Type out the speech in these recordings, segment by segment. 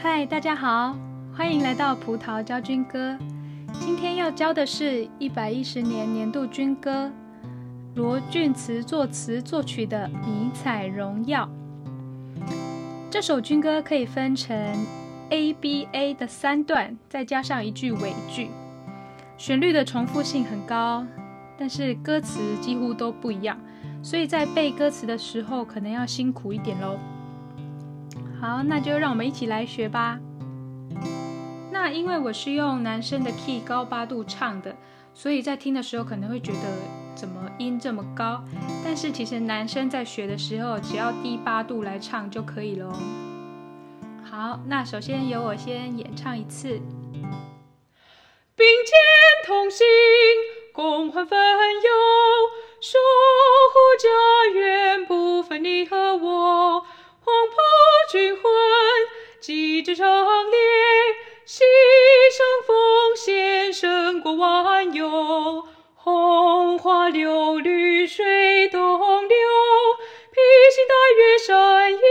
嗨，大家好，歡迎來到葡萄教軍歌。今天要教的是一百一十年年度軍歌，羅俊慈作詞作曲的《迷彩榮耀》。這首軍歌可以分成 ABA 的三段，再加上一句尾句。旋律的重複性很高，但是歌詞幾乎都不一樣，所以在背歌詞的時候可能要辛苦一點咯。好，那就讓我們一起來學吧。那因為我是用男生的 key 高八度唱的，所以在聽的時候可能會覺得怎麼音這麼高，但是其實男生在學的時候只要低八度來唱就可以咯。好，那首先由我先演唱一次。並肩同行，共患分憂，守護家園不分你和我。黃埔軍魂，繼志承烈，犧牲奉獻勝過萬有。紅花柳綠水東流，披星戴月，山依舊。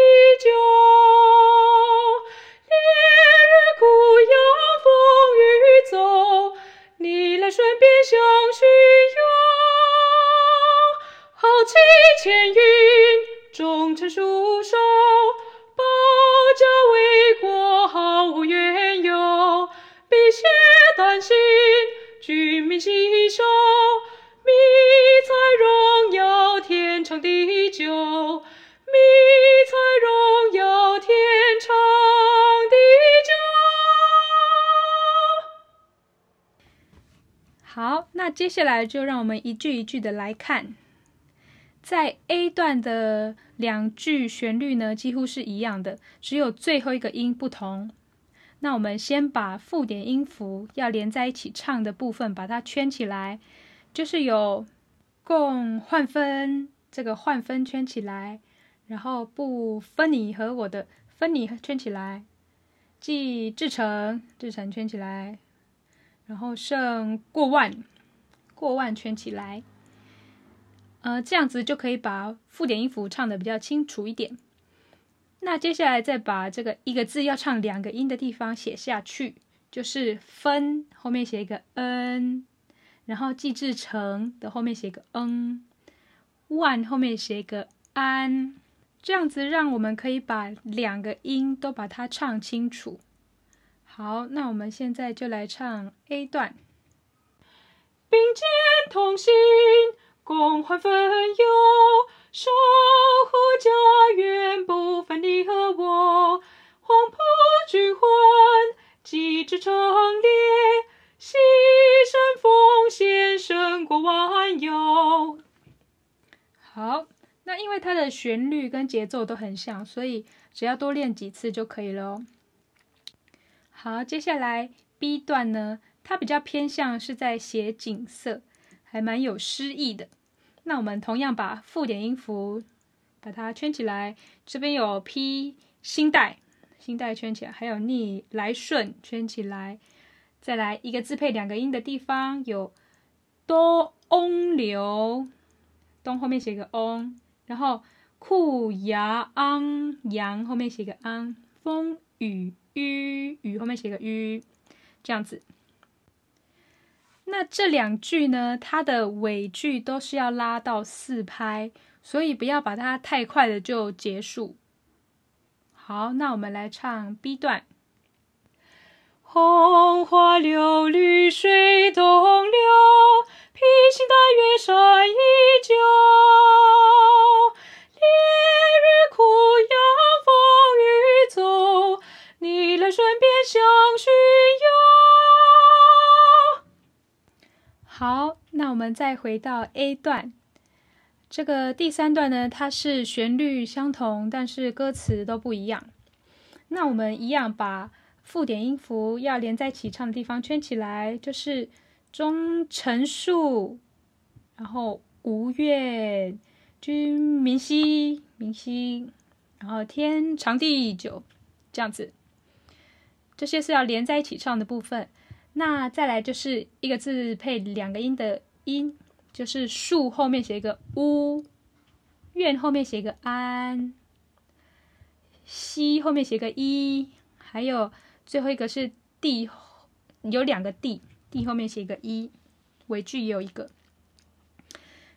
千雲忠誠戍守，保家衛國毫無怨尤，碧血丹心，軍民攜手，迷彩榮耀天長地久，迷彩榮耀天長地久。好，那接下來就讓我們一句一句的來看。在 A 段的兩句旋律呢，幾乎是一樣的，只有最後一個音不同。那我們先把附點音符要連在一起唱的部分，把它圈起來，就是有共患分這個患分圈起來，然後不分你和我的分你圈起來，繼志承繼志承圈起來，然後勝過萬過萬圈起來。呃，這樣子就可以把附點音符唱得比較清楚一點。那接下來再把這個一個字要唱兩個音的地方寫下去，就是分後面寫一個 n，然後繼志承的後面寫個 n，萬後面寫一個 an，這樣子讓我們可以把兩個音都把它唱清楚。好，那我們現在就來唱 A 段，並肩同行，共患分憂，守護家園，不分你和我。黃埔軍魂，繼志承烈，犧牲奉獻勝過萬有。好，那因為它的旋律跟節奏都很像，所以只要多練幾次就可以了哦。好，接下來 B 段呢，它比較偏向是在寫景色。還蠻有詩意的。那我們同樣把附點音符把它圈起來，這邊有披星戴，星戴圈起來，還有逆來順圈起來。再來一個字配兩個音的地方，有多翁流，東後面寫個翁，然後酷牙昂陽後面寫個昂，風雨雨雨後面寫個雨，這樣子。那這兩句呢，它的尾句都是要拉到四拍，所以不要把它太快的就結束。好，那我們來唱 B 段。紅花柳綠，水東流，披星戴月，山依舊。再回到 A 段，這個第三段呢，它是旋律相同，但是歌詞都不一樣。那我們一樣把附點音符要連在一起唱的地方圈起來，就是“忠誠戍”，然後“無怨，軍民攜，民攜”，然後“天長地久”這樣子。這些是要連在一起唱的部分。那再來就是一個字配兩個音的。音就是樹後面寫一個屋，院後面寫一個安，西後面寫個一，還有最後一個是 d，有兩個 d，d 後面寫一個一、e，尾句也有一個。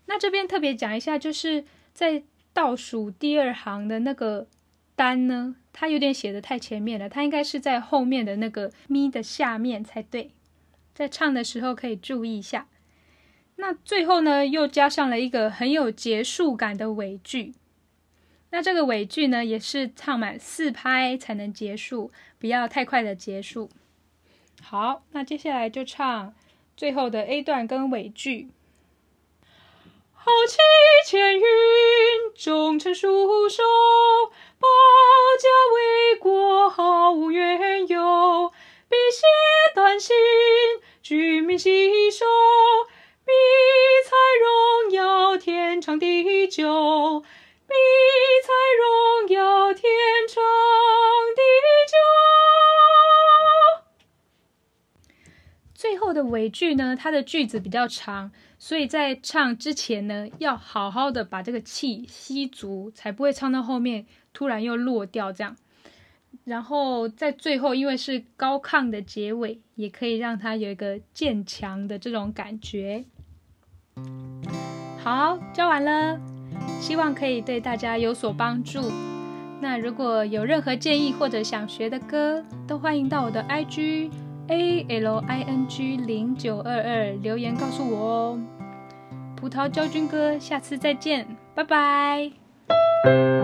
那這邊特別講一下，就是在倒數第二行的那個單呢，它有點寫的太前面了，它應該是在後面的那個咪的下面才對，在唱的時候可以注意一下。那最後呢，又加上了一個很有結束感的尾句。那這個尾句呢，也是唱滿四拍才能結束，不要太快的結束。好，那接下來就唱最後的 A 段跟尾句。豪氣千雲，忠誠戍守，保家衛國好。尾句呢，它的句子比較長，所以在唱之前呢，要好好的把這個氣吸足，才不會唱到後面突然又落掉這樣。然後在最後，因為是高亢的結尾，也可以讓它有一個漸強的這種感覺。好，教完了，希望可以對大家有所幫助。那如果有任何建議或者想學的歌，都歡迎到我的 IG。a l i n g 零九二二，留言告訴我哦。葡萄教軍歌，下次再見，拜拜。